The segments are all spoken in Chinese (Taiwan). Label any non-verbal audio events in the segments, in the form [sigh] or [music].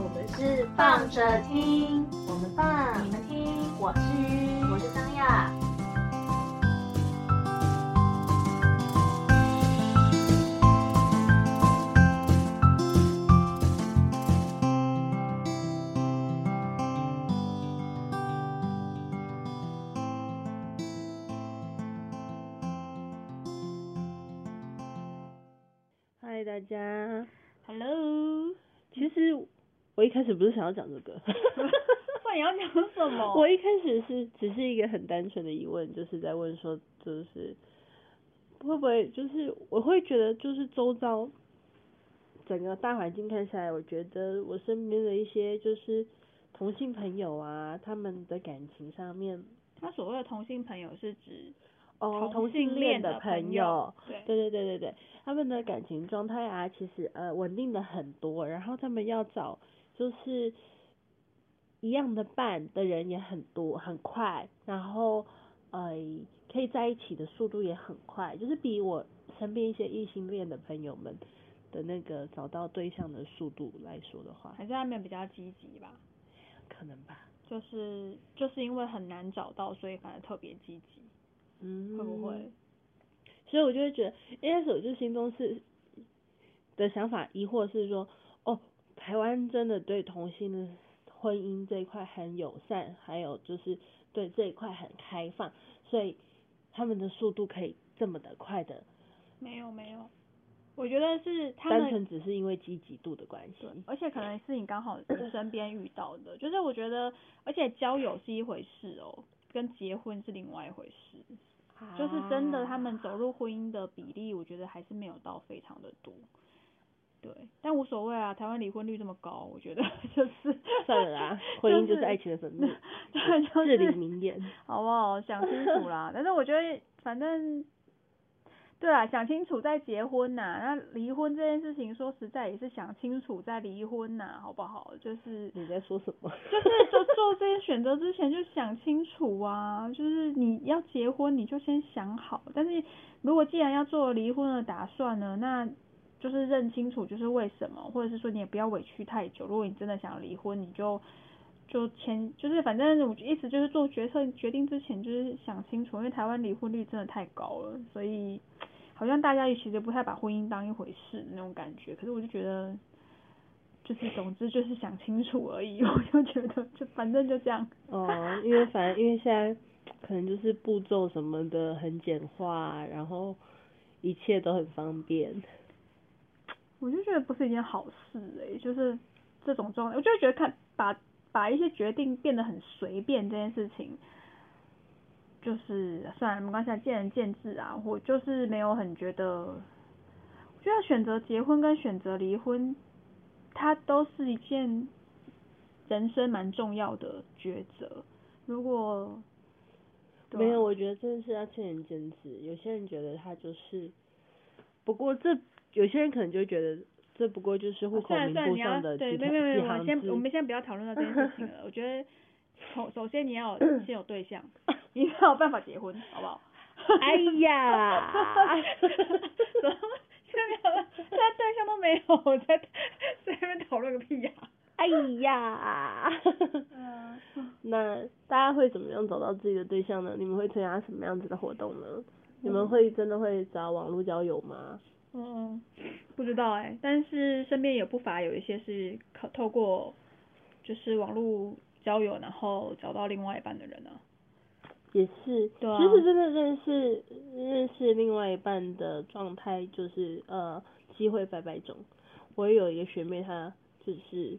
我們是放着聽，我們放，你們聽。我是，我是 Sunya。嗨，大家，Hello。其實。我一開始不是想要講這個，那你要講什麼？我一開始是只是一個很單純的疑問，就是在問說，就是會不會就是我會覺得，就是周遭整個大環境看起來，我覺得我身邊的一些就是同性朋友啊，他們的感情上面，他所謂的同性朋友是指哦同性戀的朋友、哦，同性戀的朋友對對對對對對，他們的感情狀態啊，其實呃穩定的很多，然後他們要找。就是一樣的伴的人也很多，很快，然後呃可以在一起的速度也很快，就是比我身邊一些異性戀的朋友們的那個找到對象的速度來說的話，還是他們比較積極吧？可能吧，就是就是因為很難找到，所以反而特別積極，嗯，會不會？所以我就會覺得，一開始我就心中是的想法疑惑是說。台灣真的對同性的婚姻這一塊很友善，還有就是對這一塊很開放，所以他們的速度可以這麼的快的。沒有沒有，我覺得是他們單純只是因為積極度的關係。對，而且可能是你剛好身邊遇到的，就是我覺得，而且交友是一回事哦，跟結婚是另外一回事。啊、就是真的，他們走入婚姻的比例，我覺得還是沒有到非常的多。對，但無所謂啊，台灣離婚率這麼高，我覺得就是算了啦、 [laughs] 就是，婚姻就是愛情的墳墓， [laughs] 就是至理名言，好不好？想清楚啦， [laughs] 但是我覺得反正，對啊，想清楚再結婚吶、啊，那離婚這件事情說實在也是想清楚再離婚吶、啊，好不好？就是你在說什麼？ [laughs] 就是做做這些選擇之前就想清楚啊，就是你要結婚你就先想好，但是如果既然要做離婚的打算呢，那。就是認清楚，就是為什麼，或者是說你也不要委屈太久。如果你真的想離婚，你就就簽，就是反正我一直就是做決策決定之前就是想清楚，因為台灣離婚率真的太高了，所以好像大家其實也不太把婚姻當一回事那種感覺。可是我就覺得，就是總之就是想清楚而已。我就覺得，就反正就這樣。哦，因為反正 [laughs] 因為現在可能就是步驟什麼的很簡化，然後一切都很方便。我就覺得不是一件好事哎、欸，就是這種狀態，我就覺得看把把一些決定變得很隨便這件事情，就是算了，沒關係，見仁見智啊，我就是沒有很覺得，我覺得選擇結婚跟選擇離婚，它都是一件人生蠻重要的抉擇。如果，對。沒有，我覺得真的是要見仁見智，有些人覺得他就是，不過這。有些人可能就覺得這不過就是戶口名簿上的幾行字，啊、對，沒我們先我們先不要討論到這件事情了。 [laughs] 我覺得，首首先你要有 [laughs] 先有對象，你要有辦法結婚，好不好？哎呀！ [laughs] 哎呀 [laughs] 什麼？現在沒有 [laughs] 對象都沒有，我在在那邊討論個屁呀，啊！哎呀！ [laughs] 嗯、 [laughs] 那大家會怎麼樣找到自己的對象呢？你們會參加什麼樣子的活動呢？嗯、你們會真的會找網絡交友嗎？嗯，不知道哎、欸，但是身邊也不乏有一些是可透過就是網絡交友，然後找到另外一半的人呢、啊。也是，對啊，其實真的認識認識另外一半的狀態，就是呃，機會百百種。我也有一個學妹她，她就是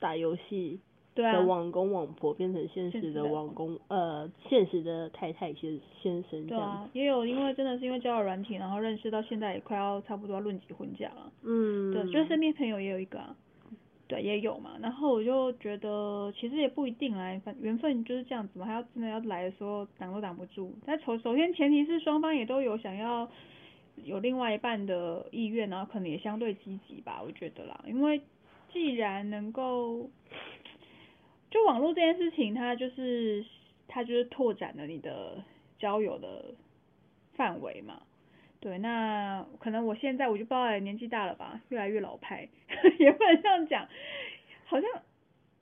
打遊戲。啊網公網婆變成現實的網公，呃，現實的太太先生先生。對啊，也有因為真的是因為交友軟體，然後認識到現在也快要差不多要論及婚嫁了。嗯。對，就身邊朋友也有一個、啊，對，也有嘛。然後我就覺得其實也不一定啊，緣分就是這樣子嘛，還要真的要來的時候擋都擋不住。但首首先前提是雙方也都有想要有另外一半的意願，然後可能也相對積極吧，我覺得啦，因為既然能夠。就網絡這件事情，它就是它就是拓展了你的交友的範圍嘛。對，那可能我現在我就不知道、欸、年紀大了吧，越來越老派，呵呵也不能這樣講，好像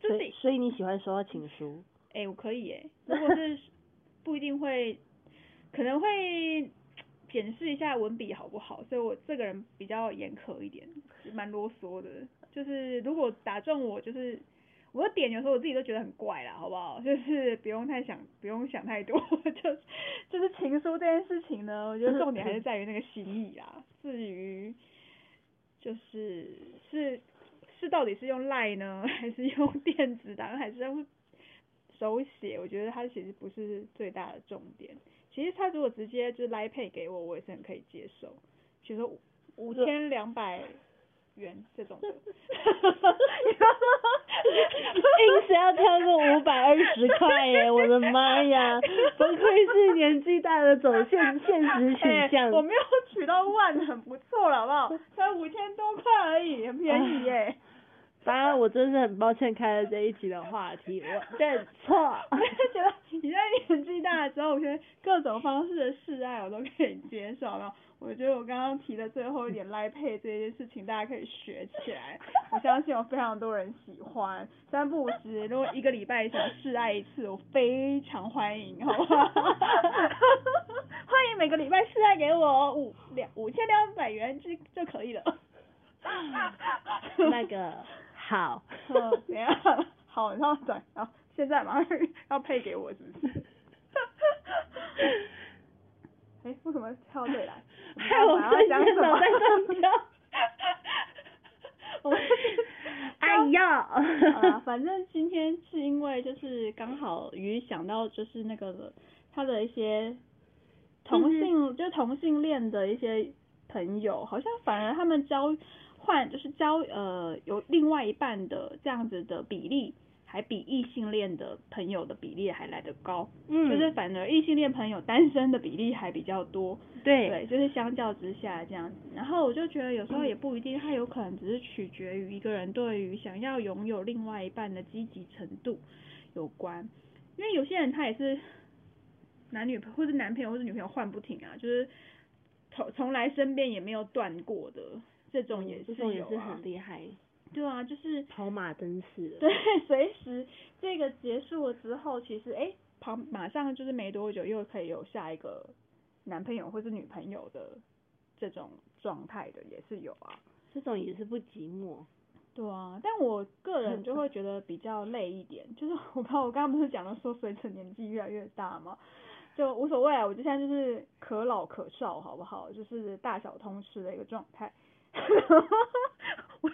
就是，所以你喜歡收到情書？哎、欸，我可以哎、欸， [laughs] 如果是不一定會，可能會檢視一下文筆好不好，所以我這個人比較嚴苛一點，蠻囉嗦的，就是如果打中我就是。我的點有時候我自己都覺得很怪了，好不好？就是不用太想，不用想太多。 [laughs] 就是、就是情書這件事情呢，我覺得重點還是在於那個心意啦。至於就是是是到底是用 LINE 呢，還是用電子檔，還是用手寫？我覺得它其實不是最大的重點。其實他如果直接就 LINE Pay 給我，我也是很可以接受。其實說五千兩百。原這種，哈哈哈哈哈，硬 [laughs] 是要挑個五百二十塊耶， [laughs] 我的媽媽呀！ [laughs] 不愧是年紀大的走現 [laughs] 現實選項，我沒有取到萬，很不錯了好不好？才五千多塊而已，很便宜耶、欸。反、啊、正我真的是很抱歉開了這一集的話題。我，對錯？我就覺得你在年紀大的時候，我覺得各種方式的示愛我都可以接受，然我覺得我剛剛提的最後一點賴配這件事情，大家可以學起來。我相信有非常多人喜歡。三不五時，如果一個禮拜想示愛一次，我非常歡迎，好哈， [laughs] 歡迎每個禮拜示愛給我五兩五千兩百元就就可以了。 [laughs] 那個 [laughs] 好，怎、嗯、樣好？然後轉後現在上 [laughs] 要配給我是不是？哎、 [laughs] 欸，為什麼跳隊來？害我瞬間腦袋亂跳，我 [laughs] [laughs] [laughs] 哎呀！ [laughs] 啊，反正今天是因為就是剛好於想到就是那個他的一些同性，是是就同性戀的一些朋友，好像反而他們交換就是交呃有另外一半的這樣子的比例。還比異性戀的朋友的比例還來得高，嗯，就是反而異性戀朋友單身的比例還比較多，對，對，就是相較之下這樣子，然後我就覺得有時候也不一定，他有可能只是取決於一個人對於想要擁有另外一半的積極程度有關，因為有些人他也是男女朋或是男朋友或是女朋友換不停啊，就是從從來身邊也沒有斷過的這種也是，也是很厲害。對啊，就是跑馬燈似的。對，隨時這個結束了之後，其實哎、欸，跑馬上就是沒多久又可以有下一個男朋友或是女朋友的這種狀態的，也是有啊。這種也是不寂寞。對啊，但我個人就會覺得比較累一點，嗯、就是我怕我剛剛不是講到說隨着年紀越來越大嘛，就無所謂啊，我就現在就是可老可少，好不好？就是大小通吃的一個狀態。 [laughs]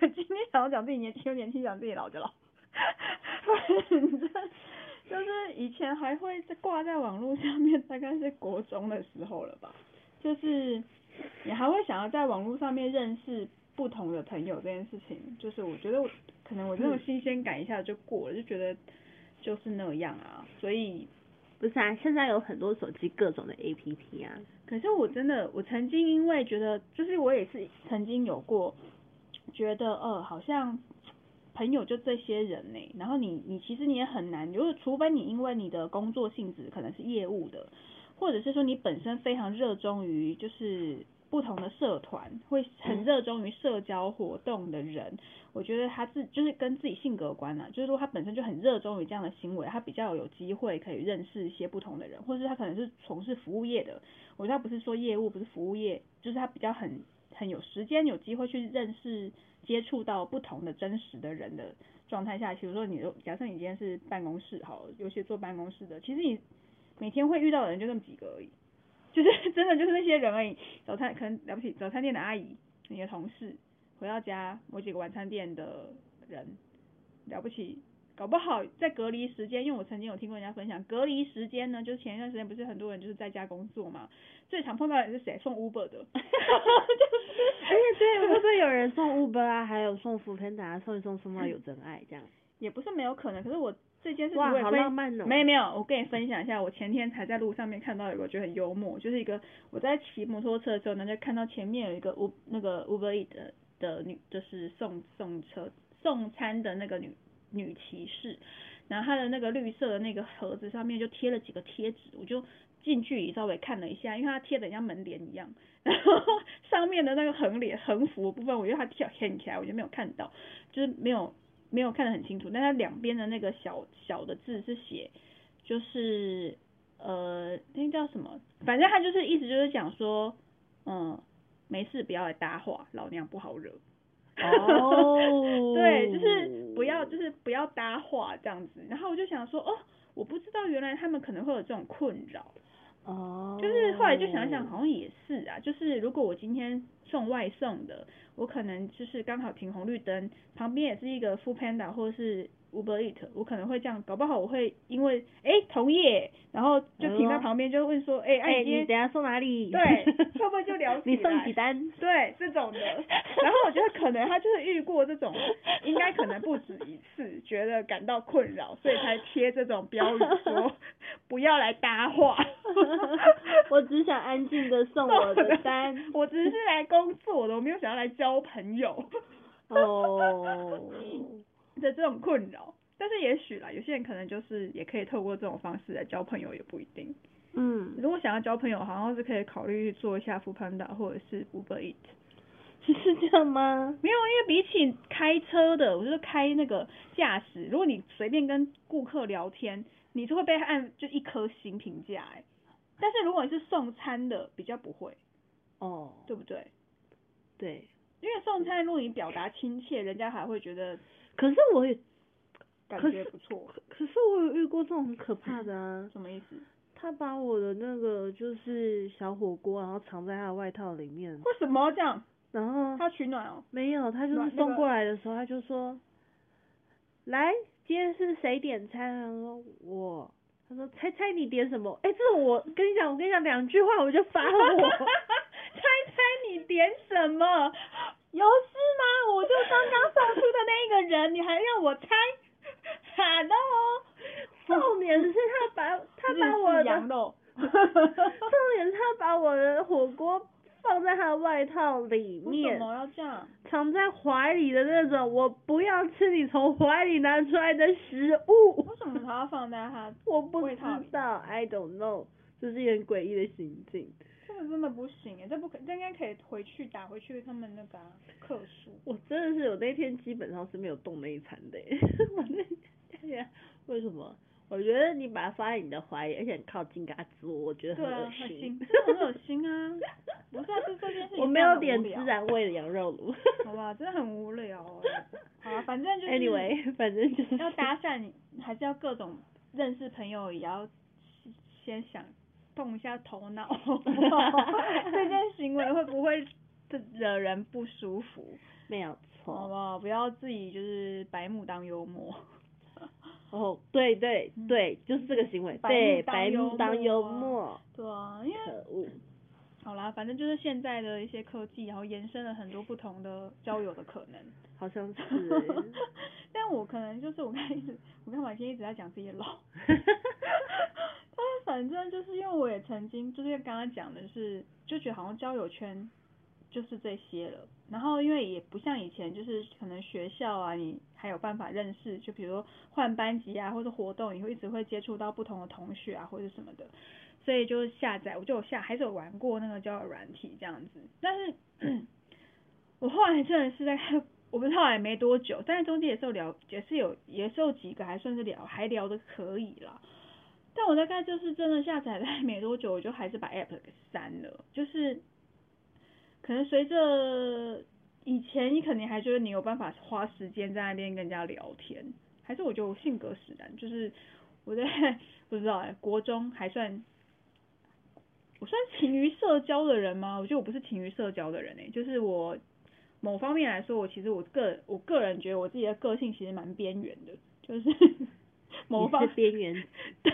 我今天想要講自己年輕年輕，講自己老就老。反 [laughs] 正就是以前還會掛在網絡上面，大概是國中的時候了吧。就是你還會想要在網絡上面認識不同的朋友這件事情，就是我覺得我可能我這種新鮮感一下就過了，我就覺得就是那樣啊。所以不是啊，現在有很多手機各種的 APP 啊。可是我真的，我曾經因為覺得，就是我也是曾經有過。覺得呃好像朋友就這些人呢。欸，然後你你其實你也很難，就是除非你因為你的工作性質可能是業務的，或者是說你本身非常熱衷於就是不同的社團，會很熱衷於社交活動的人，我覺得他自就是跟自己性格有關啊，就是說他本身就很熱衷於這樣的行為，他比較有機會可以認識一些不同的人，或是他可能是從事服務業的，我覺得他不是說業務不是服務業，就是他比較很。很有時間、有機會去認識、接觸到不同的真實的人的狀態下，比如說你，假設你今天是辦公室哈，有些坐辦公室的，其實你每天會遇到的人就那麼幾個而已，就是真的就是那些人而已，早餐可能了不起，早餐店的阿姨，你的同事，回到家，某幾個晚餐店的人，了不起。搞不好在隔離時間，因為我曾經有聽過人家分享，隔離時間呢，就是前一段時間不是很多人就是在家工作嘛，最常碰到的是誰？送 Uber 的，哈哈哈哈哈。哎對， [laughs] 會不會有人送 Uber 啊，還有送 Foodpanda 送一送，什麼有真愛這樣，嗯，也不是沒有可能，可是我這件事不會哇，好浪漫哦、喔。沒有沒有，我跟你分享一下，我前天才在路上面看到一個，我覺得很幽默，就是一個我在騎摩托車的時候呢，就看到前面有一個 Uber 那個 Uber Eat 的的女，就是送送車送餐的那個女，女騎士，然後它的那個綠色的那個盒子上面就貼了幾個貼紙，我就近距離稍微看了一下，因為它貼的像門簾一樣，然後上面的那個橫聯橫幅的部分，我覺得它跳掀起來，我就沒有看到，就是沒有沒有看得很清楚，但它兩邊的那個小小的字是寫，就是呃那叫什麼，反正他就是意思就是講說，嗯，沒事不要來搭話，老娘不好惹。哦、oh. [laughs] 對，就是不要，就是不要搭話這樣子。然後我就想說，哦，我不知道原來他們可能會有這種困擾。哦、oh.。就是後來就想一想，好像也是啊。就是如果我今天送外送的，我可能就是剛好停紅綠燈旁邊，也是一個 Food Panda 或是。Uber Eats 我可能會這樣，搞不好我會因為哎、欸、同業，然後就停在旁邊，就問說哎，哎、欸啊你，欸、你等下送哪裡？對，會不會就聊 [laughs] 你送幾單？對，這種的。然後我覺得可能他就是遇過這種， [laughs] 應該可能不止一次，覺得感到困擾，所以才貼這種標語說，不要來搭話。 [laughs] [laughs] 我只想安靜的送我的單。 [laughs] 我只是來工作的，我都沒有想要來交朋友。哦、 [laughs] oh...。的這種困擾，但是也許啦，有些人可能就是也可以透過這種方式來交朋友，也不一定。嗯，如果想要交朋友，好像是可以考慮去做一下 foodpanda 或者是 Uber Eats，是這樣嗎？沒有，因為比起開車的，我、就是開那個駕駛。如果你隨便跟顧客聊天，你就會被按就一顆星評價哎。但是如果你是送餐的，比較不會哦，對不對？對，因為送餐，如果你表達親切，人家還會覺得。可是我也感覺不錯，可是我有遇過這種很可怕的啊。什麼意思？他把我的那個就是小火鍋，然後藏在他的外套裡面。為什麼要這樣？然後他取暖哦、喔。沒有，他就是送過來的時候，他就說：“那個、來，今天是誰點餐啊？”然後說：“我。”他說：“猜猜你點什麼？”哎、欸，這我跟你講，我跟你講兩句話我就煩我。 [laughs] 猜猜你點什麼？有事嗎？我就剛剛送出的那一個人， [laughs] 你還讓我猜？哈囉。重點是他把，他把我的，羊肉 [laughs] 重點是他把我的火鍋放在他的外套裡面。為什麼要這樣？藏在懷裡的那種，我不要吃你從懷裡拿出來的食物。為什麼他要放在他？我不知道，I don't know，這是一點詭異的行徑。這個真的不行哎，這不可，這應該可以回去打回去他們那個、啊、客訴。我真的是，我那天基本上是沒有動那一餐的。對呀，yeah. 為什麼？我覺得你把它放在你的懷裡，而且你靠近嘎吱窩，我覺得很噁心。啊、心 [laughs] 很噁心啊！不是、啊，這是這件事情。我沒有點孜然味的羊肉爐。 [laughs] 好吧，真的很無聊好好、啊，反正就是。Anyway，反正就是要搭訕你，還是要各種認識朋友也要先想。動一下頭腦，呵呵 [laughs] 這件行為會不會惹人不舒服？沒有錯，好不好？不要自己就是白目當幽默。哦，對對對，嗯、就是這個行為，嗯、對白目當幽默。對啊，因為我好啦，反正就是現在的一些科技，然後延伸了很多不同的交友的可能。好像是， [laughs] 但我可能就是我剛才一直，我剛才婉清一直在講自己老。 [laughs] 但是反正就是因為我也曾經，就是剛剛講的是，是就覺得好像交友圈就是這些了。然後因為也不像以前，就是可能學校啊，你還有辦法認識，就比如說換班級啊，或者活動你會一直會接觸到不同的同學啊，或者什麼的。所以就是下載，我就下還是有玩過那個交友軟體這樣子。但是， [coughs] 我後來真的是在看，我不知道還沒多久，但是中間也是有聊，也是有也是有幾個還算是聊，還聊得可以啦。但我大概就是真的下載了沒多久，我就還是把 app 給刪了。就是可能隨着以前，你肯定還覺得你有辦法花時間在那邊跟人家聊天，還是我就性格使然。就是我在不知道哎、欸，國中還算我算勤於社交的人嗎？我覺得我不是勤於社交的人呢、欸，就是我某方面來說，我其實我個我個人覺得我自己的個性其實蠻邊緣的，就是。模仿邊緣，對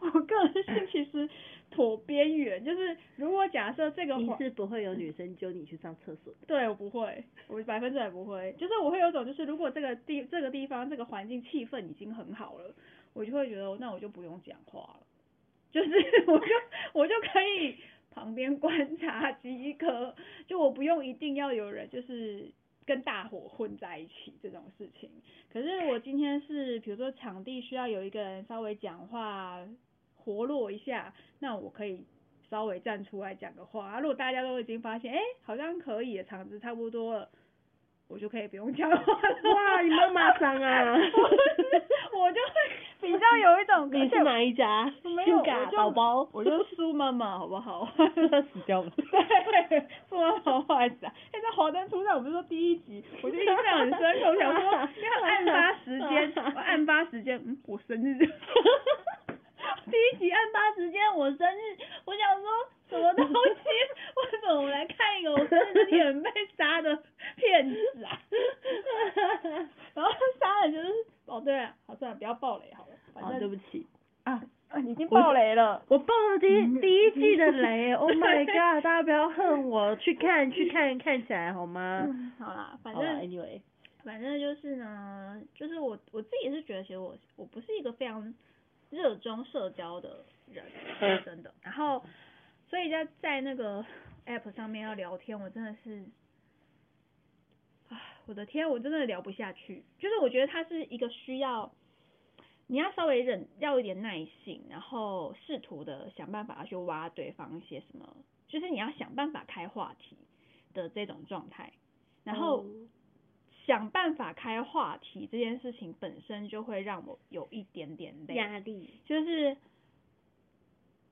我個人是其實頗邊緣，嗯、就是如果假設這個你是不會有女生揪你去上廁所。對我不會，我百分之百不會，就是我會有種就是如果這個地這個地方這個環境氣氛已經很好了，我就會覺得那我就不用講話了，就是我就我就可以旁邊觀察即可，就我不用一定要有人就是，跟大夥混在一起這種事情，可是我今天是，比如說場地需要有一個人稍微講話活絡一下，那我可以稍微站出來講個話、啊。如果大家都已經發現，誒、欸，好像可以了，場子差不多了。我就可以不用講話了。 [laughs] 哇，你媽媽桑啊！我，是我就比我是，是比較有一種。你是哪一家？我沒有，寶寶，我是蘇媽媽，寶寶媽媽好不好？他、嗯、死掉了。對，蘇媽媽壞死了！現、欸、在華燈初上，我不是說第一集，我就印象很深刻，我想說，你看案發時間，案、啊、發時間，嗯，我生日。哈哈哈哈！第一集案發時間，我生日。去看去看、嗯、看起來好嗎？嗯、好啦，反正 anyway，反正就是呢，就是我我自己是覺得，其實我我不是一個非常熱衷社交的人，是真的、嗯。然後，所以在在那個 app 上面要聊天，我真的是，我的天，我真的聊不下去。就是我覺得它是一個需要，你要稍微忍，要一點耐心，然後試圖的想辦法去挖對方一些什麼。就是你要想辦法開話題的這種狀態，然後想辦法開話題這件事情本身就會讓我有一點點壓力。就是，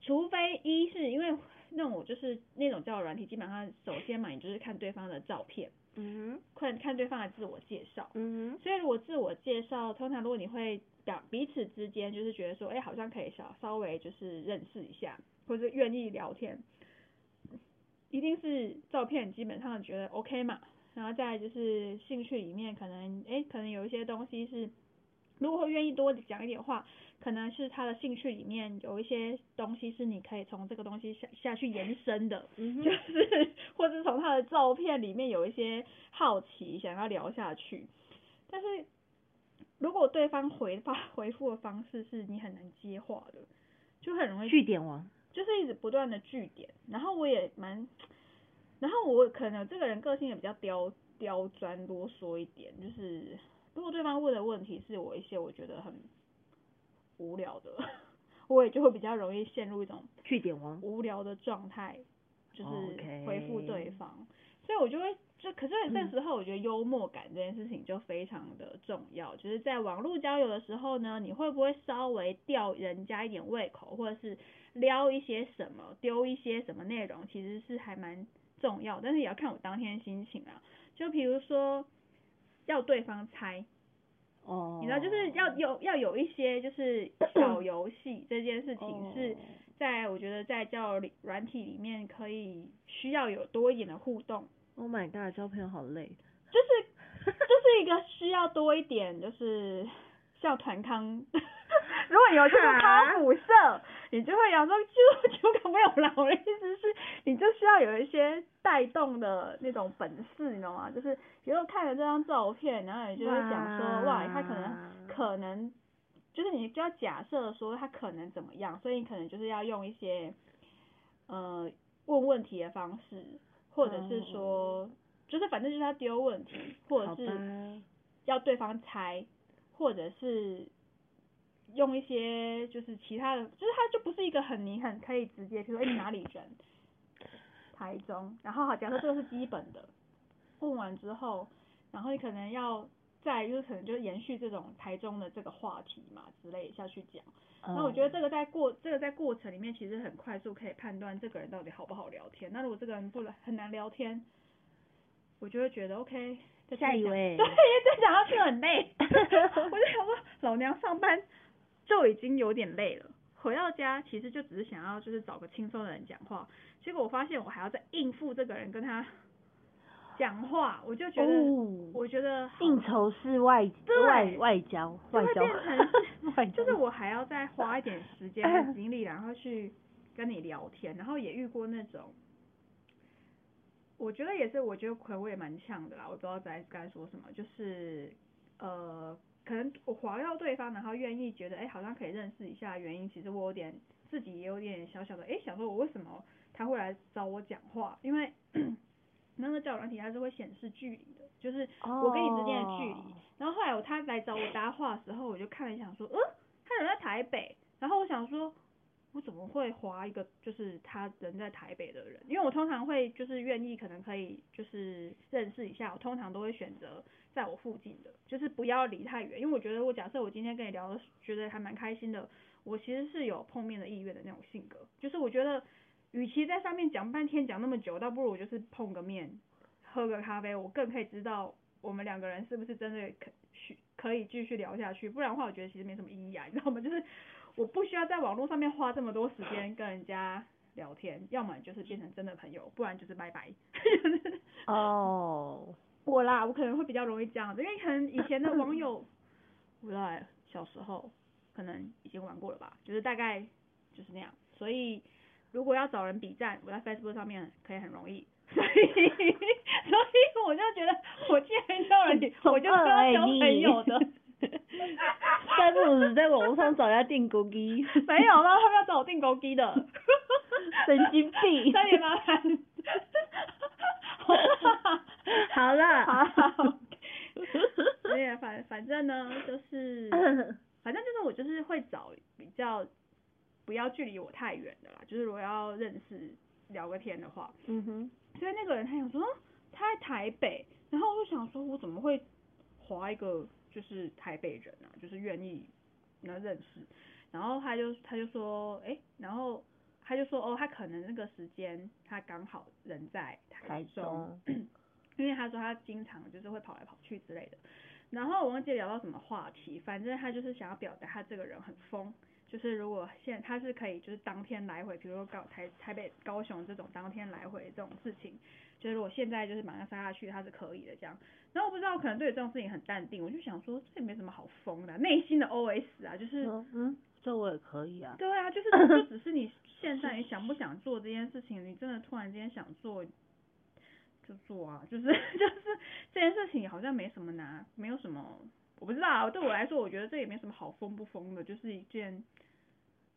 除非一是因為那種我就是那種叫軟體，基本上首先嘛，你就是看對方的照片，嗯哼，看看對方的自我介紹，嗯哼。所以如果自我介紹，通常如果你會表彼此之間就是覺得說，哎、欸，好像可以稍稍微就是認識一下，或者是願意聊天。一定是照片，基本上覺得 OK 嘛，然後再來就是興趣裡面，可能誒，可能有一些東西是，如果願意多講一點話，可能是他的興趣裡面有一些東西是你可以從這個東西下下去延伸的， [laughs] 就是或者是從他的照片裡面有一些好奇想要聊下去，但是如果對方回發回復的方式是你很難接話的，就很容易句點王，就是一直不斷的句點，然後我也蠻，然後我可能這個人個性也比較刁刁鑽，多說一點，就是如果對方問的問題是我一些我覺得很無聊的，我也就會比較容易陷入一種句點王無聊的狀態，就是回復對方、okay，所以我就會就可是這時候我覺得幽默感這件事情就非常的重要，嗯、就是在網絡交友的時候呢，你會不會稍微吊人家一點胃口，或者是？撩一些什麼，丟一些什麼內容，其實是還蠻重要，但是也要看我當天心情啊。就比如說要對方猜，哦、oh.，你知道就是要有要有一些就是小遊戲，這件事情是在我覺得在交友軟體裡面可以需要有多一點的互動。Oh my god，交朋友好累。就是就是一個需要多一點，就是像團康， [laughs] 如果你有興趣，他補色。 [laughs] 你就會養成就就本沒有了。我的意思是，你就需要有一些帶動的那種本事，你知道嗎？就是比如看了這張照片，然後你就會想說、啊，哇，他可能可能就是你就要假設說他可能怎麼樣，所以你可能就是要用一些呃問問題的方式，或者是說，嗯、就是反正就是他丟問題，或者是要對方猜，或者是。用一些就是其他的，就是它就不是一個很你很可以直接，比如說、欸、你哪裡人？台中。然後好，假如說這個是基本的，問完之後，然後你可能要再，就是、可能就延續這種台中的這個話題嘛之類下去講。那、嗯、我覺得這個在過這個在過程裡面其實很快速可以判斷這個人到底好不好聊天。那如果這個人不來很難聊天，我就會覺得 OK。下一位。對，因為這講下去很累， [laughs] [laughs] 我就想說老娘上班。就已經有點累了，回到家其實就只是想要就是找個輕鬆的人講話，結果我發現我還要再應付這個人跟他講話，我就覺得，哦，我覺得應酬是外交，外交外交，就是我還要再花一點時間和精力，然後去跟你聊天， [laughs] 然後也遇過那種，我覺得也是，我覺得葵我也蠻嗆的啦，我不知道該該說什麼，就是呃。可能我滑到對方，然後願意覺得，哎、欸，好像可以認識一下的原因，其實我有點，自己也有點小小的，哎、欸，想說，我為什麼他會來找我講話？因為那個交友軟體，它是會顯示距離的，就是我跟你之間的距離。Oh. 然後後來我他來找我搭話的時候，我就看了一下說，嗯，他人在台北。然後我想說，我怎麼會滑一個就是他人在台北的人？因為我通常會就是願意可能可以就是認識一下，我通常都會選擇。在我附近的，就是不要離太遠，因為我覺得我假設我今天跟你聊的，覺得還蠻開心的，我其實是有碰面的意願的那種性格，就是我覺得，與其在上面講半天，講那麼久，倒不如我就是碰個面，喝個咖啡，我更可以知道我們兩個人是不是真的可可以繼續聊下去，不然的話，我覺得其實沒什麼意義啊，你知道嗎？就是我不需要在網絡上面花這麼多時間跟人家聊天，要麼就是變成真的朋友，不然就是拜拜。哦。我啦，我可能會比較容易這樣子，因為可能以前的網友、嗯，我在小時候可能已經玩過了吧，就是大概就是那樣，所以如果要找人比戰，我在 Facebook 上面可以很容易，所 [laughs] 以 [laughs] 所以我就覺得我既然交人、嗯，我就不要交朋友的，Facebook 子、欸、 [laughs] 在網絡上找人家釘孤枝， [laughs] [laughs] 沒有啦，他們要找我釘孤枝的， [laughs] 神經病，三麻八三哈好了，好，所以 [laughs] [laughs] 反反正呢，就是 [laughs] 反正就是我就是會找比較不要距離我太遠的啦，就是如果要認識聊個天的話，嗯哼。所以那個人他想說、哦、他在台北，然後我就想說我怎麼會滑一個就是台北人啊，就是願意那認識，然後他就他就說哎、欸，然後他就說哦，他可能那個時間他剛好人在台中。台中 [coughs] 因為他說他經常就是會跑來跑去之類的，然後我忘記了聊到什麼話題，反正他就是想要表達他這個人很瘋，就是如果現在他是可以就是當天來回，比如說高台台北高雄這種當天來回這種事情，就是如果現在就是馬上殺下去他是可以的這樣，然後我不知道可能對這種事情很淡定，我就想說這也沒什麼好瘋的啊，內心的 O S 啊，就是嗯，嗯，這我也可以啊，對啊，就是就，就只是你現在你想不想做這件事情，你真的突然間想做。做啊，就是就是這件事情也好像沒什麼拿，沒有什麼，我不知道啊，對我來說，我覺得這也沒什麼好瘋不瘋的，就是一件，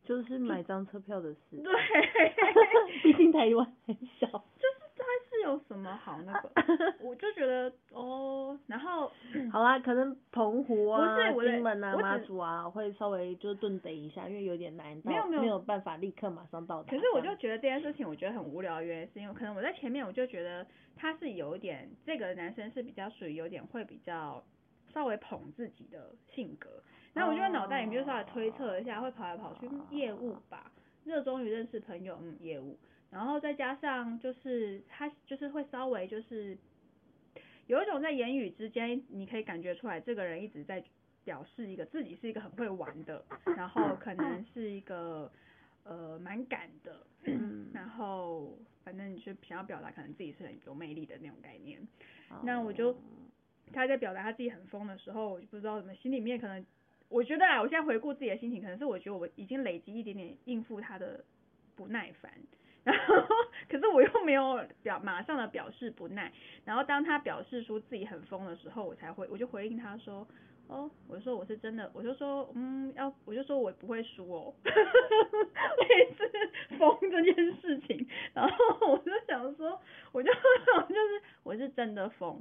就是買張車票的事啊。對，畢 [laughs] 竟 [laughs] 台灣很小。就是有什麼好那個？ [laughs] 我就覺得哦，然後好啦、啊，可能澎湖啊、金門啊、媽祖啊，我會稍微就是頓等一下，因為有點難，沒有沒有辦法立刻馬上到達。可是我就覺得這件事情，我覺得很無聊的原因，是因為可能我在前面我就覺得他是有點，這個男生是比較屬於有點會比較稍微捧自己的性格，哦、那我就腦袋裡面就稍微推測一下，哦、會跑來跑去業務吧、哦，熱衷於認識朋友，嗯，業務。然後再加上就是他就是會稍微就是有一種在言語之間，你可以感覺出來這個人一直在表示一個自己是一個很會玩的，然後可能是一個呃蠻敢的、嗯，然後反正你就想要表達可能自己是很有魅力的那種概念。那我就他在表達他自己很瘋的時候，我就不知道怎麼，心裡面可能我覺得啊，我現在回顧自己的心情，可能是我覺得我已經累積一點點應付他的不耐煩。然後，可是我又沒有表馬上的表示不耐，然後當他表示說自己很瘋的時候，我才會我就回應他說，哦，我說我是真的，我就說嗯，要、啊、我就說我不會輸哦，我也是瘋這件事情，然後我就想說，我就那就是我是真的瘋，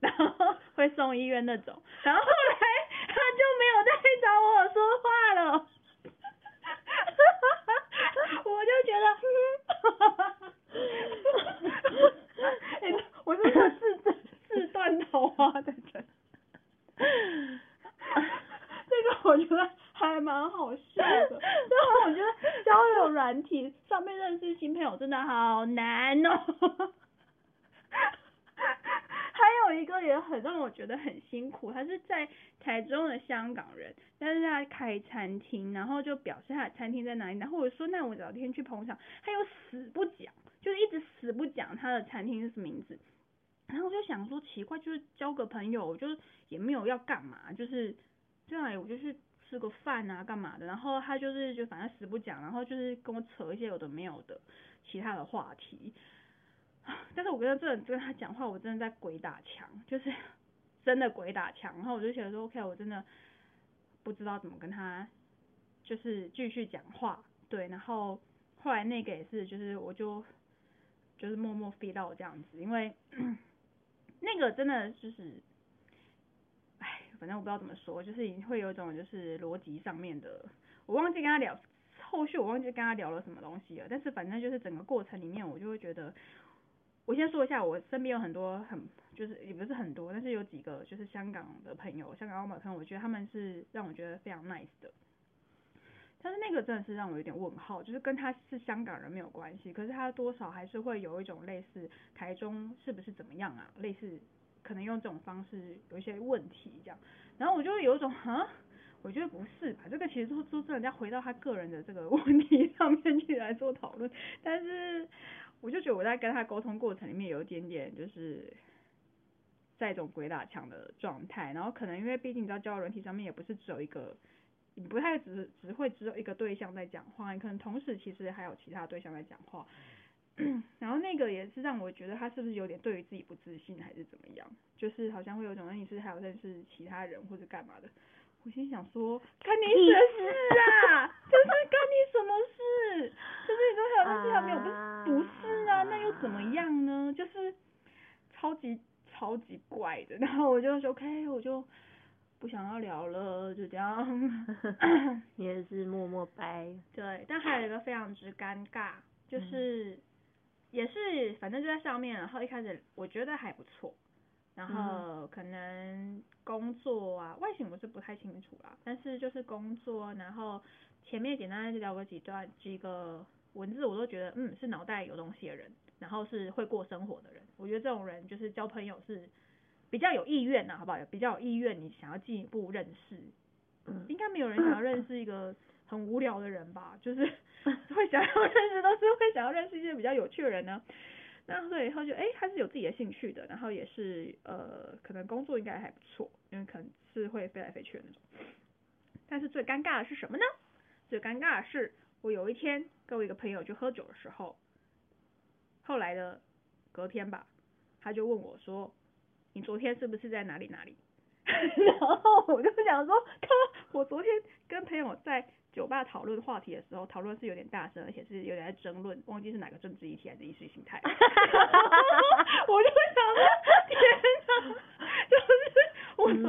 然後會送醫院那種，然後後來他就沒有再找我說話了， [laughs] 我就覺得嗯。哈哈哈哈哈！哎，我是說自自自斷桃花的人， [coughs] [laughs] 這個我覺得還蠻好笑的。然後 [coughs] 我覺得交友軟體上面認識新朋友真的好難哦。有一個也很讓我覺得很辛苦，他是在台中的香港人，但是他開餐廳，然後就表示他的餐廳在哪裡，然後我說那我哪天去捧場，他又死不講，就是一直死不講他的餐廳是什麼名字，然後我就想說奇怪，就是交個朋友，就是也沒有要幹嘛，就是這樣我就是吃個飯啊幹嘛的，然後他就是就反正死不講，然後就是跟我扯一些有的沒有的其他的話題。但是我覺得這種跟他講話，我真的在鬼打牆，就是真的鬼打牆。然後我就覺得說，OK，我真的不知道怎麼跟他就是繼續講話。對，然後後來那個也是，就是我就就是默默飛到我這樣子，因為那個真的就是，哎，反正我不知道怎麼說，就是會有一種就是邏輯上面的。我忘記跟他聊，後續我忘記跟他聊了什麼東西了。但是反正就是整個過程裡面，我就會覺得。我先說一下，我身邊有很多很就是也不是很多，但是有幾個就是香港的朋友，香港澳門朋友，我覺得他們是讓我覺得非常 nice 的。但是那個真的是讓我有點問號，就是跟他是香港人沒有關係，可是他多少還是會有一種類似台中是不是怎麼樣啊，類似可能用這種方式有一些問題這樣。然後我就有一種，嗯，我覺得不是吧？這個其實都都是人家回到他個人的這個問題上面去來做討論，但是。我就覺得我在跟他溝通過程裡面有一點點，就是在一種鬼打牆的狀態。然後可能因為畢竟你知道，交往軟體上面也不是只有一個，你不太只只會只有一個對象在講話，你可能同時其實還有其他對象在講話。 [coughs] 然後那個也是讓我覺得他是不是有點對於自己不自信，還是怎麼樣？就是好像會有種種你是還有認識其他人或者幹嘛的。我心想說，干你什麼事啊？就是干你什麼事？就 [laughs] 是你都還有東西還沒有跟，不是啊，啊，那又怎麼樣呢？就是超級超級怪的，然後我就說，OK，我就不想要聊了，就這樣。呵， [coughs] 也是默默掰。對，但還有一個非常之尷尬，就是、嗯、也是反正就在上面，然後一開始我覺得還不錯。然後可能工作啊、嗯，外形，我是不太清楚啦，但是就是工作，然後前面簡單就聊過幾段幾個文字，我都覺得嗯，是腦袋有東西的人，然後是會過生活的人，我覺得這種人就是交朋友是比較有意願吶、啊，好不好？比較有意願，你想要進一步認識，嗯、應該沒有人想要認識一個很無聊的人吧？嗯、就是會想要認識，都是會想要認識一些比較有趣的人呢、啊。那所以他就哎，他是有自己的興趣的，然後也是呃，可能工作應該還不錯，因為可能是會飛來飛去的那種。但是最尷尬的是什麼呢？最尷尬的是我有一天跟我一個朋友去喝酒的時候，後來的隔天吧，他就問我說：“你昨天是不是在哪裡哪裡？” [laughs] [laughs] 然後我就想說：“他，我昨天跟朋友在。”酒吧討論話題的時候，討論是有點大聲，而且是有點在爭論，忘記是哪個政治議題還是意識形態。哈哈哈哈哈哈！我就會想，天吶，就是我怎麼，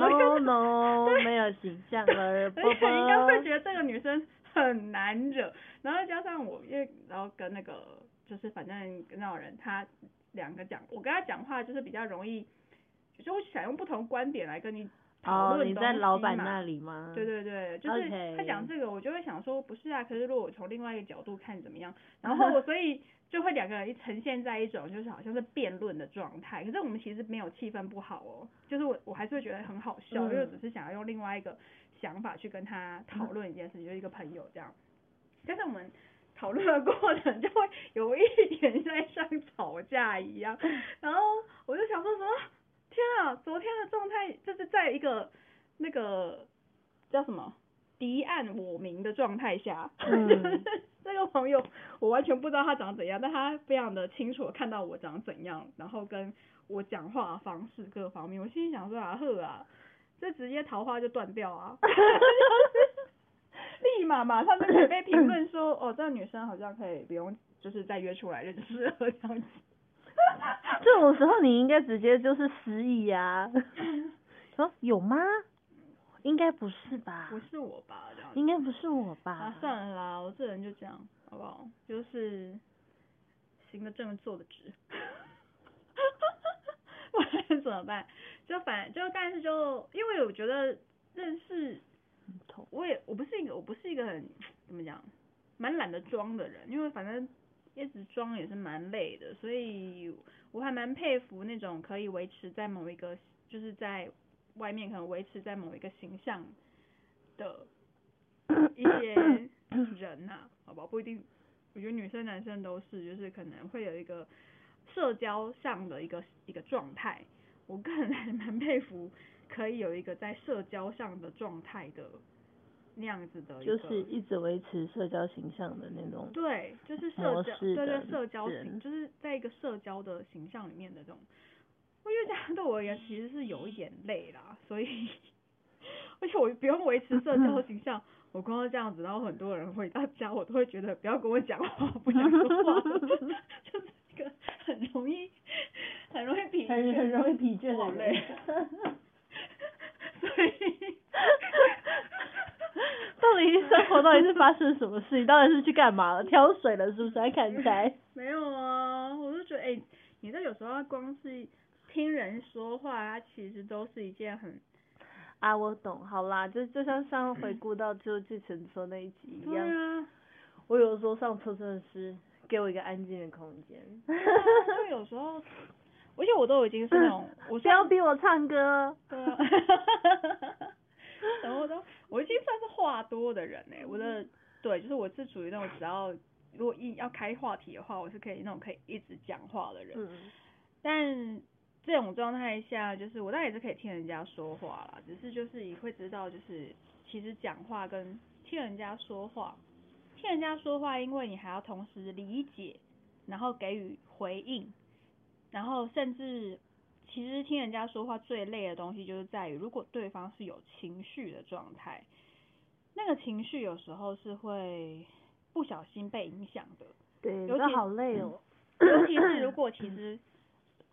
完全沒有形象了。我 [laughs] 對 [laughs] 應該會覺得這個女生很難惹，然後加上我，因為然後跟那個就是反正跟那種人，他兩個講，我跟他講話就是比較容易，就是我想用不同觀點來跟你。哦，oh, 你在老闆那裡嗎？對對對，就是他講這個，我就會想說，不是啊。可是如果我從另外一個角度看怎麼樣？然後我所以就會兩個人一呈現在一種就是好像是辯論的狀態。可是我們其實沒有氣氛不好哦，就是我我還是會覺得很好笑，因、嗯、為只是想要用另外一個想法去跟他討論一件事情，嗯、就是一個朋友這樣。但是我們討論的過程就會有一點在像吵架一樣，然後我就想說什麼？天啊，昨天的狀態就是在一個那個叫什麼敵暗我明的狀態下，就、嗯、是 [laughs] 那個朋友，我完全不知道他長怎樣，但他非常的清楚看到我長怎樣，然後跟我講話方式各方面，我心裡想說啊呵啊，這直接桃花就斷掉啊，哈哈哈，立馬馬上就準備評論說哦，這個女生好像可以不用，就是再約出來認識了這樣子。 [laughs] 這種時候你應該直接就是失憶呀，說、 [laughs] 哦、有嗎？應該不是吧？不是我吧？應該不是我吧、啊？算了啦，我這人就這樣，好不好？就是行得正，坐得直。我哈哈我怎麼辦？就反正就但是就因為我覺得認識，我也我不是一個我不是一個很怎麼講，蠻懶得裝的人，因為反正。一直裝也是蠻累的，所以我還蠻佩服那種可以維持在某一個，就是在外面可能維持在某一個形象的一些人吶、啊，好吧，不一定，我覺得女生男生都是，就是可能會有一個社交上的一個一個狀態，我個人還蠻佩服可以有一個在社交上的狀態的。那樣子的，就是一直維持社交形象的那種。對，就是社交，對、哦、對，就是、社交形，就是在一個社交的形象裡面的那種。因為這樣對我而言其實是有一點累啦，所以，而且我不用維持社交形象，嗯、我工作這樣子，然後很多人回到家我都會覺得不要跟我講話，不想說話， [laughs] [laughs] 就是一個很容易，很容易疲，很容易疲倦，好累。 [laughs] 所以。 [laughs] [laughs] 到底生是活 [laughs] 到底是發生什麼事？ [laughs] 你到底是去幹嘛了？挑水了是不是？還砍柴？沒有啊，我就覺得哎、欸，你這有時候光是聽人說話，它其實都是一件很……啊，我懂，好啦，就就像上回顧到 [coughs] 就計程車那一集一樣。啊、我有時候上車真的是給我一個安靜的空間。哈因為有時候，而且我都已經是那種……嗯、我不要逼我唱歌。對啊。 [laughs] 然 [laughs] 後都，我已經算是話多的人呢、欸。我的對，就是我是屬於那種只要如果一要開話題的話，我是可以那種可以一直講話的人。嗯。但這種狀態下，就是我當然也是可以聽人家說話啦，只是就是也會知道，就是其實講話跟聽人家說話，聽人家說話，因為你還要同時理解，然後給予回應，然後甚至。其實聽人家說話最累的東西就是在於，如果對方是有情緒的狀態，那個情緒有時候是會不小心被影響的。對，有點好累哦、嗯。尤其是如果其實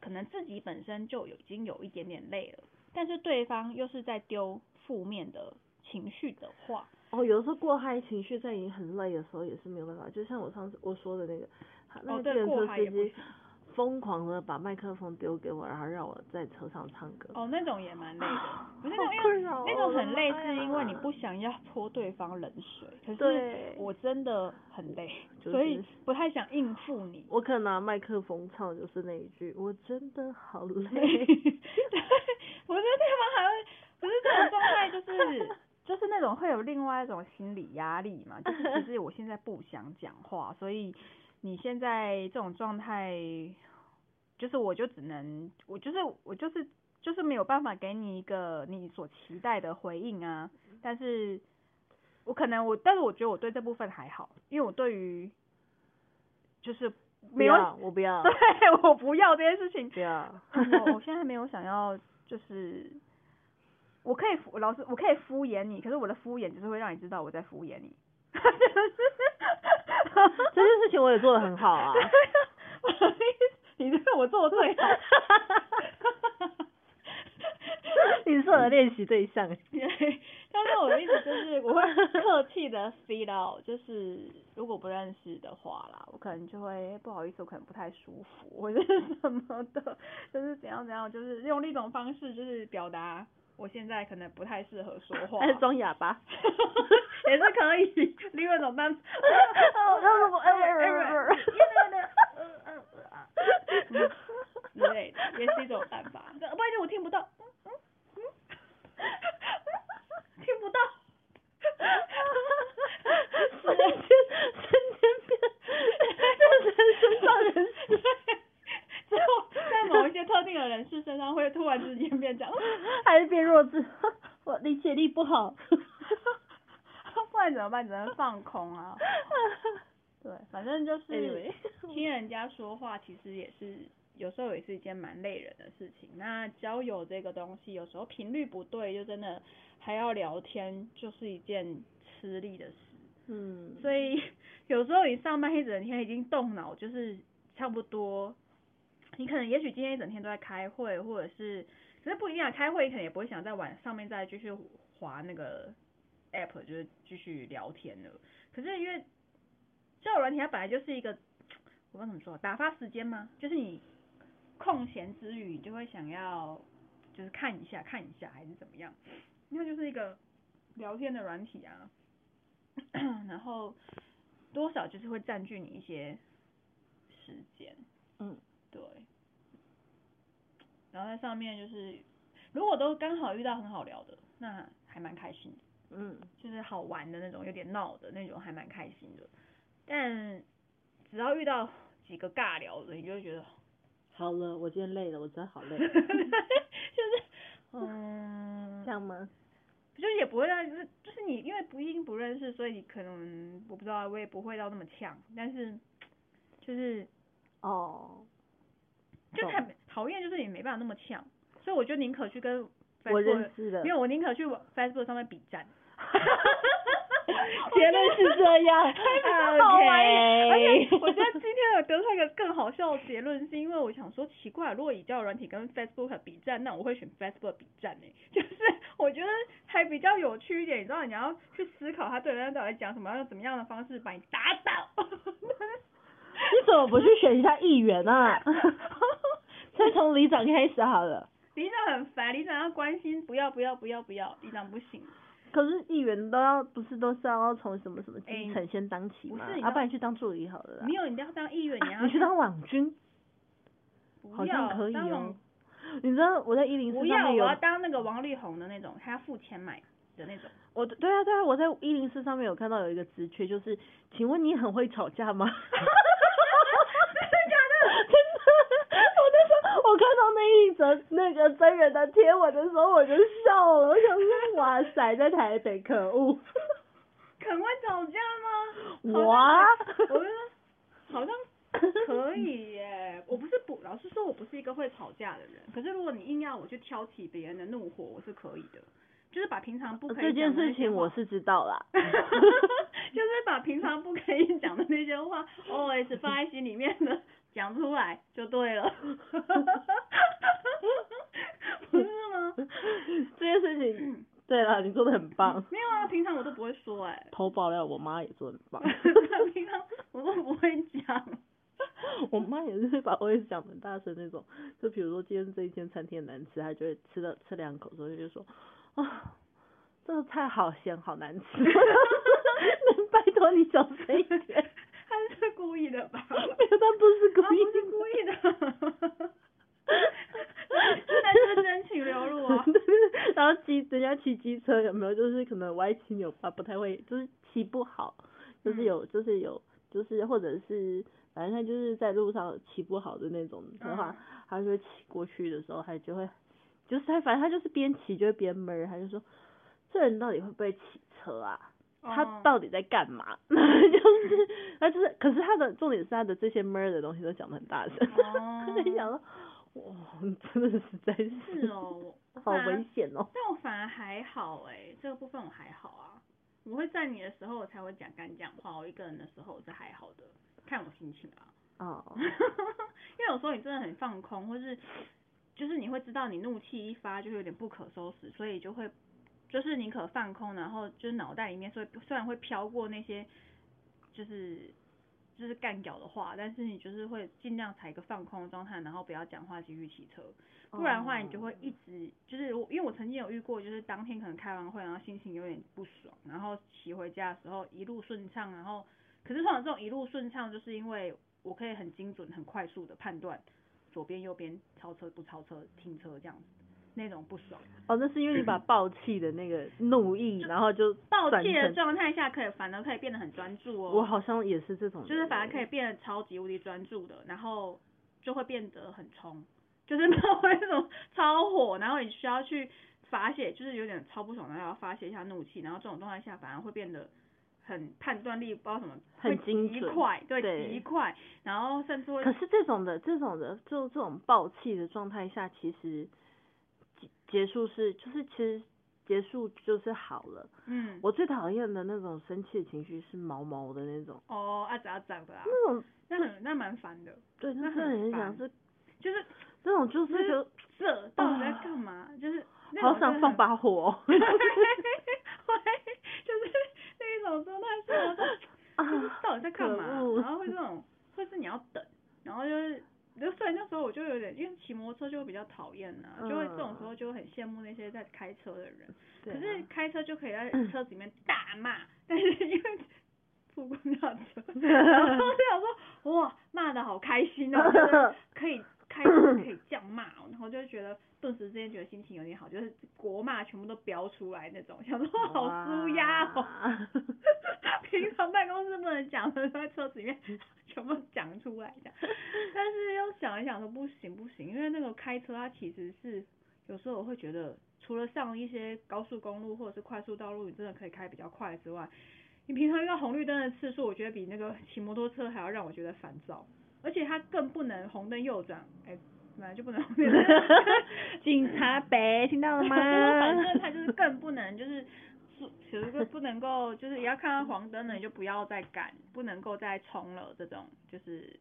可能自己本身就有 [coughs] 已經有一點點累了，但是對方又是在丟負面的情緒的話。哦，有的時候過嗨情緒在已經很累的時候也是沒有辦法。就像我上次我說的那個，哦、那個、對，過車司機。瘋狂的把麥克風丟給我，然後讓我在車上唱歌。哦、oh，那種也蠻累的， [laughs] 那種、哦、那種很累，是因為你不想要潑對方冷水。 [laughs] 可是我真的很累，就是，所以不太想應付你。我可能拿麥克風唱，就是那一句，我真的好累。我覺得他們還會，不是這種狀態，就是就是那種會有另外一種心理壓力嘛，就是其實我現在不想講話，所以你現在這種狀態。就是我就只能我就是我就是就是沒有辦法給你一個你所期待的回應啊！但是我可能我但是我覺得我對這部分還好，因為我對於就是沒有，不我不要對我不要這件事情不要 [laughs] 我，我現在還沒有想要就是我可以老師我可以敷衍你，可是我的敷衍就是會讓你知道我在敷衍你。 [laughs] 這件事情我也做得很好啊。 [laughs] 你跟我做對， [laughs] [laughs] 你是我的練習對象。因為 [laughs] 但是我的意思就是，我會客氣的 feed out，就是如果不認識的話啦，我可能就會不好意思，我可能不太舒服，或者是什麼的，就是怎樣怎樣，就是用另一種方式，就是表達我現在可能不太適合說話。裝啞巴， [laughs] 也是可以另外一種辦法。嗯、之類的也是一種辦法。抱 [laughs] 歉，我聽不到，嗯嗯、聽不到。瞬間瞬間變，就身上人事，然 [laughs] 後在某一些特定的人士身上會突然之間變這樣，還是變弱智？我理解力不好。不 [laughs] 然怎麼辦？只能放空啊。對，反正就是 anyway, [laughs] 聽人家說話，其實也是有時候也是一件蠻累人的事情。那交友這個東西，有時候頻率不對，就真的還要聊天，就是一件吃力的事。嗯，所以有時候你上班一整天已經動腦，就是差不多，你可能也許今天一整天都在開會，或者是，可是不一定啊，開會你可能也不會想在晚上面再繼續滑那個 app 就是繼續聊天了。可是因為這個軟體它、啊、本來就是一個，我不知道怎麼說，打發時間嗎？就是你空閒之餘就會想要，就是看一下看一下還是怎麼樣，因為就是一個聊天的軟體啊， [coughs] 然後多少就是會佔據你一些時間，嗯，對，然後在上面就是如果都剛好遇到很好聊的，那還蠻開心的，嗯，就是好玩的那種，有點鬧的那種，還蠻開心的。但只要遇到幾個尬聊的，你就會覺得，好了，我今天累了，我真的好累， [laughs] 就是，嗯，這樣嗎？就是也不會讓，就是就是你，因為不一定不認識，所以你可能、嗯、我不知道，我也不會到那麼嗆，但是就是，哦，就很討厭，哦、就是你沒辦法那麼嗆，所以我就寧可去跟 Facebook，我認識的，因為我寧可去 Facebook 上面比讚，哈哈哈哈。結論是這樣，太不好了。而且我覺得今天我得出一個更好笑的結論， [laughs] 是因為我想說奇怪，如果以交友軟體跟 Facebook 比戰，那我會選 Facebook 比戰呢，就是我覺得還比較有趣一點。你知道你要去思考他對人家到底講什麼，用怎麼樣的方式把你打倒。 [laughs] 你怎麼不去選一下議員呢、啊？再從里長開始好了。里長很煩，里長要關心不要，不要不要不要不要，里長不行。可是議員都要不是都是要從什麼什麼基層先當起嗎？要、欸不，啊、不然去當助理好了。沒有，你不要當議員，你要、啊、你去當網軍，好像可以哦、喔。你知道我在一零四上面有，要我要當那個王力宏的那種，他要付錢買的那種。我對啊對啊，我在一零四上面有看到有一個職缺，就是請問你很會吵架嗎？ [laughs] 說那個真人的貼文的時候，我就笑了，我想說哇塞，在台北可惡，肯會吵架嗎？哇，我覺得好像可以耶，我不是不老實說，我不是一個會吵架的人，可是如果你硬要我去挑起別人的怒火，我是可以的，就是把平常不可以這件事情我是知道啦， [laughs] 就是把平常不可以講的那些話，always 放在心裡面的。講出來就對了， [laughs] 不是嗎？這件事情，嗯、對了，你做得很棒、嗯。沒有啊，平常我都不會說哎、欸。偷爆料，我媽也做得很棒。 [laughs] 平常我都不會講。 [laughs] 我媽也是會把，我也講的很大聲那種。就比如說今天這一間餐廳難吃，她就會吃了吃兩口，所以就說啊、哦，這個菜好鹹，好難吃。能、 [laughs] 嗯、拜託你小聲一點？他是,是故意的吧？ [laughs] 他不是故意的。他、啊、不是故意的，哈哈哈哈哈哈！哈哈！真的是真情流露啊。然後騎，人家騎機車有沒有？就是可能歪七扭八，不太會，就是騎不好，就是有、嗯，就是有，就是或者是，反正他就是在路上騎不好的那種的話，嗯、他就騎過去的時候，他就會，就是他，反正他就是邊騎就會邊悶，他就說，這人到底會不會騎車啊？他到底在幹嘛？Oh. [laughs] 就是，他就是，可是他的重點是他的這些悶 r 的東西都講的很大聲、 [laughs] oh. [laughs] 他在講了哇，真的是，在是、喔，是哦，好危險哦。 [laughs] 但我反而還好哎，這個部分我還好啊。我會在你的時候我才會講幹講話，我一個人的時候我是還好的，看我心情啊。哦、oh. [laughs] 因為有時候你真的很放空，或是，就是你會知道你怒氣一發就有點不可收拾，所以就會。就是寧可放空，然後就是腦袋裡面，所以雖然會飄過那些就是就是幹譙的話，但是你就是會儘量踩一個放空的狀態，然後不要講話，繼續騎車。不然的話，你就會一直就是我，因為我曾經有遇過，就是當天可能開完會，然後心情有點不爽，然後騎回家的時候一路順暢，然後可是通常這種一路順暢，就是因為我可以很精準、很快速的判斷左邊、右邊超車不超車、停車這樣子。那種不爽哦，那是因為你把爆氣的那個怒意， [laughs] 然後就爆氣的狀態下可以，反而可以變得很專注哦。我好像也是這種，就是反而可以變得超級無敵專注的，然後就會變得很衝，就是那種超火，然後你需要去發洩，就是有點超不爽，然後要發洩一下怒氣，然後這種狀態下反而會變得很判斷力，不知道什麼，很極快，對，極快，然後甚至會。可是這種的，這種的，就這種爆氣的狀態下，其實。結束是，就是其實結束就是好了。嗯，我最討厭的那種生氣的情緒是毛毛的那種。哦，啊咋長的啊？那種那那蠻煩的。對，那的很煩，就是，就是那種就是就這到底在幹嘛？就是好想放把火，哦。會， [laughs] [laughs] 就是，就， [laughs] 啊、是，是那種說那是，到底在幹嘛？然後會這種，或是你要等，然後就是。就所以那時候我就有點，因為騎摩托車就會比較討厭吶，就會這種時候就很羨慕那些在開車的人。對。可是開車就可以在車子裡面大罵，啊，但是因為坐公交車，然後就想說哇，罵得好開心哦，喔，就是，可以。開車可以這樣罵，然後就覺得，頓時之間覺得心情有點好，就是國罵全部都飆出來那種，想說好舒壓哦， [laughs] 平常辦公室不能講的，都在車子裡面全部講出來講，但是又想一想說不行不行，因為那個開車它其實是，有時候我會覺得，除了上一些高速公路或者是快速道路，你真的可以開比較快之外，你平常遇到紅綠燈的次數，我覺得比那個騎摩托車還要讓我覺得煩躁。而且他更不能紅燈右轉，哎、欸，本來就不能紅燈。 [laughs] 警察唄，聽到了嗎？ [laughs] 反正他就是更不能、就是就不能，就是，就個不能夠，就是要看到黃燈了你就不要再趕，不能夠再衝了。這種就是，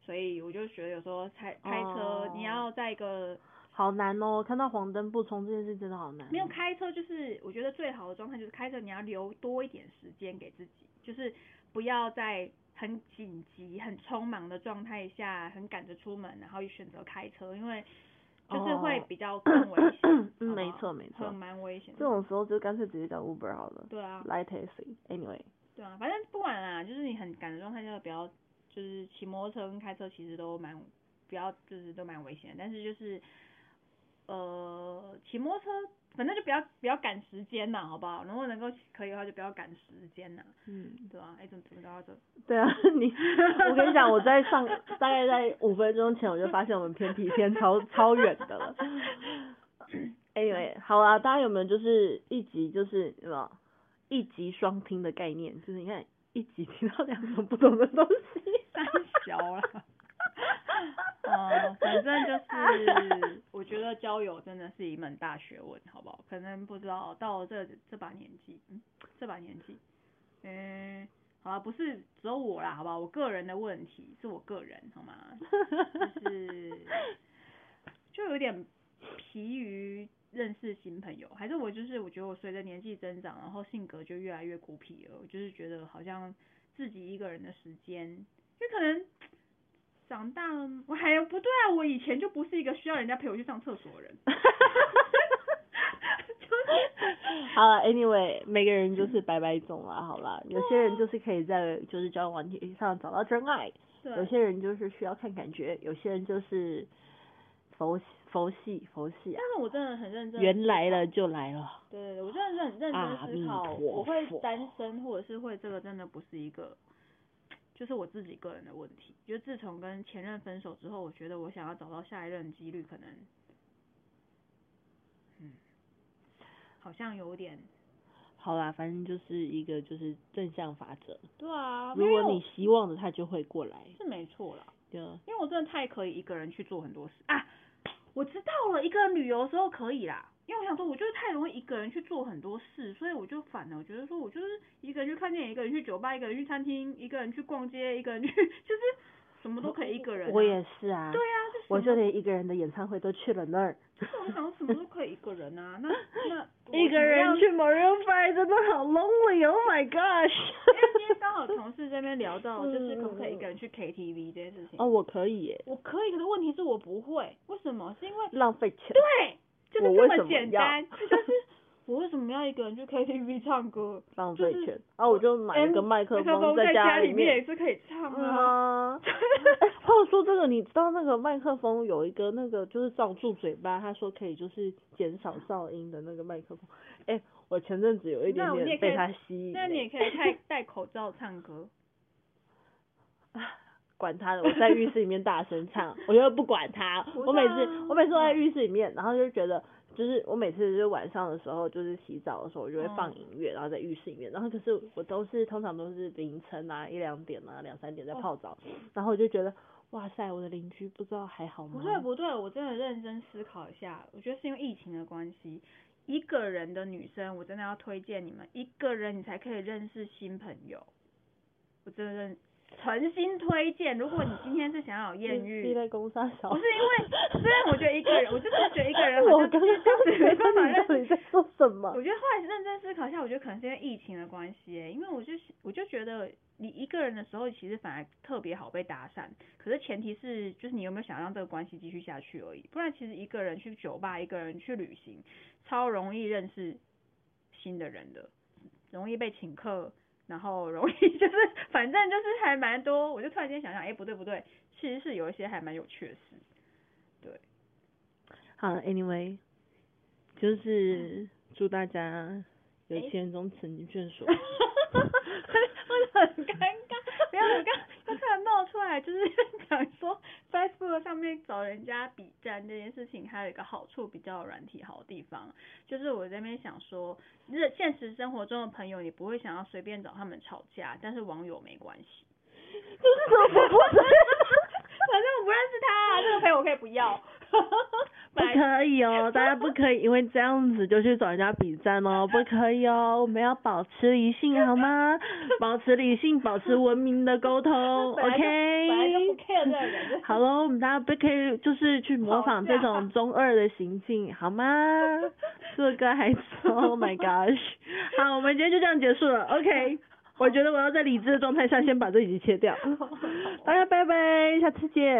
所以我就覺得有時候開開車，你要在一個、哦、好難哦，看到黃燈不衝這件事真的好難、嗯。沒有開車就是，我覺得最好的狀態就是開車你要留多一點時間給自己，就是不要再。很緊急、很匆忙的狀態下，很趕着出門，然後又選擇開車，因為就是會比較更危險、哦哦。沒錯沒錯，蠻危險。這種時候就乾脆直接叫 Uber 好了。對啊。Light taxi，Anyway。對啊，反正不管啦、啊，就是你很趕的狀態下比較，就是騎摩托車跟開車其實都蠻，比較就是都蠻危險，但是就是。呃，騎摩托車，反正就比較比較趕時間吶，好不好？如果能夠可以的話，就比較趕時間吶。嗯，對啊，欸、怎麼怎麼着？對啊，你，我跟你講，我在上， [laughs] 大概在五分鐘前，我就發現我們偏題偏超超遠的了。Anyway，好啊，大家有沒有就是一集就是什麼一集雙聽的概念？就是你看一集聽到兩種不同的東西，三小啊。 [laughs] 嗯、 [laughs] 呃，反正就是，我覺得交友真的是一門大學問，好不好？可能不知道到了這這把年紀，這把年紀，嗯，欸、好了、啊，不是只有我啦，好不好？我個人的問題是我個人，好嗎？就是就有點疲於認識新朋友，還是我就是我覺得我隨着年紀增長，然後性格就越來越孤僻了，我就是覺得好像自己一個人的時間，因為可能。長大了，我還有不對啊！我以前就不是一個需要人家陪我去上廁所的人。哈哈哈哈哈！好 [laughs] 了、uh，Anyway，每個人就是百百種了、嗯、好了、啊。有些人就是可以在就是交友網站上找到真愛，對，有些人就是需要看感覺，有些人就是佛佛系佛系、啊。但是我真的很認真，緣來了就來了。對，我真的很認真思考，我會單身或者是會這個真的不是一個。就是我自己個人的問題，就自從跟前任分手之後，我覺得我想要找到下一任的幾率可能，嗯，好像有點。好啦，反正就是一個就是正向法則。對啊，如果你希望的他就會過來，是沒錯啦對。Yeah. 因為我真的太可以一個人去做很多事啊！我知道了，一個人旅遊的時候可以啦。因為我想說，我就是太容易一個人去做很多事，所以我就反了。我覺得說，我就是一個人去看電影，一個人去酒吧，一個人去餐廳，一個人去逛街，一個人去，就是什麼都可以一個人，啊。我也是啊。對啊就是，我就連一個人的演唱會都去了那兒。就是我想說什麼都可以一個人啊， [laughs] 那那 [laughs] 一個人去 Maroon Five 真的好 lonely，Oh my gosh！ [laughs] 因為今天剛好同事這邊聊到，就是可不可以一個人去 K T V 這件事情，嗯。哦，我可以耶。我可以，可是問題是我不會，為什麼？是因為浪費錢。對。就是、這麼簡單，但 [laughs] 是我為什麼要一個人去 K T V 唱歌？浪費錢，然、就、後、是啊、我就買一個麥克、欸、克風在家裡面也是可以唱啊。話、嗯啊 [laughs] 欸、說這個，你知道那個麥克風有一個那個就是罩住嘴巴，他說可以就是減少噪音的那個麥克風。哎、欸，我前陣子有一點點被他吸引、欸那。那你也可以戴戴口罩唱歌。啊。 [laughs] 管他的，我在浴室裡面大聲唱， [laughs] 我就會不管他。我每次我每次，我每次都在浴室裡面，嗯、然後就覺得就是我每次就是晚上的時候，就是洗澡的時候，我就會放音樂，嗯、然後在浴室裡面。然後可是我都是通常都是凌晨啊一兩點啊兩三點在泡澡，哦、然後我就覺得哇塞，我的鄰居不知道還好嗎？不對不對，我真的認真思考一下，我覺得是因為疫情的關係，一個人的女生我真的要推薦你們，一個人你才可以認識新朋友，我真的認。誠心推薦，如果你今天是想要有艷遇， [laughs] 不是因為雖然我覺得一個人，我真是覺得一個人好像剛剛才， [laughs] [laughs] 你，你在說什麼？我覺得後來認真思考一下，我覺得可能是因為疫情的關係、欸，因為我就我就覺得你一個人的時候，其實反而特別好被搭訕，可是前提是就是你有沒有想讓這個關係繼續下去而已，不然其實一個人去酒吧，一個人去旅行，超容易認識新的人的，容易被請客。然後容易就是，反正就是還蠻多。我就突然間想想，哎，不對不對，其實是有一些還蠻有趣的事對。對，好了，Anyway，就是祝大家有錢人終成眷屬。哈哈哈！哈哈很尷尬。我剛剛他突然冒出來，就是想說 Facebook 上面找人家筆戰這件事情，還有一個好處比較軟體好的地方，就是我在那邊想說，現實生活中的朋友你不會想要隨便找他們吵架，但是網友沒關係。就是說、啊， [laughs] 反正我不認識他、啊，這個朋友我可以不要。 [laughs] 不可以哦， [laughs] 大家不可以 [laughs] 因為這樣子就去找人家比贊哦，不可以哦，我們要保持理性好嗎？保持理性，保持文明的溝通 [laughs] ，OK、就是。好了，我們大家不可以就是去模仿這種中二的行徑，好嗎？這 [laughs] 個還是 Oh my gosh。好，我們今天就這樣結束了，OK。 [laughs] 我覺得我要在理智的狀態下先把這一集切掉。 [laughs] 大家拜拜，下次見。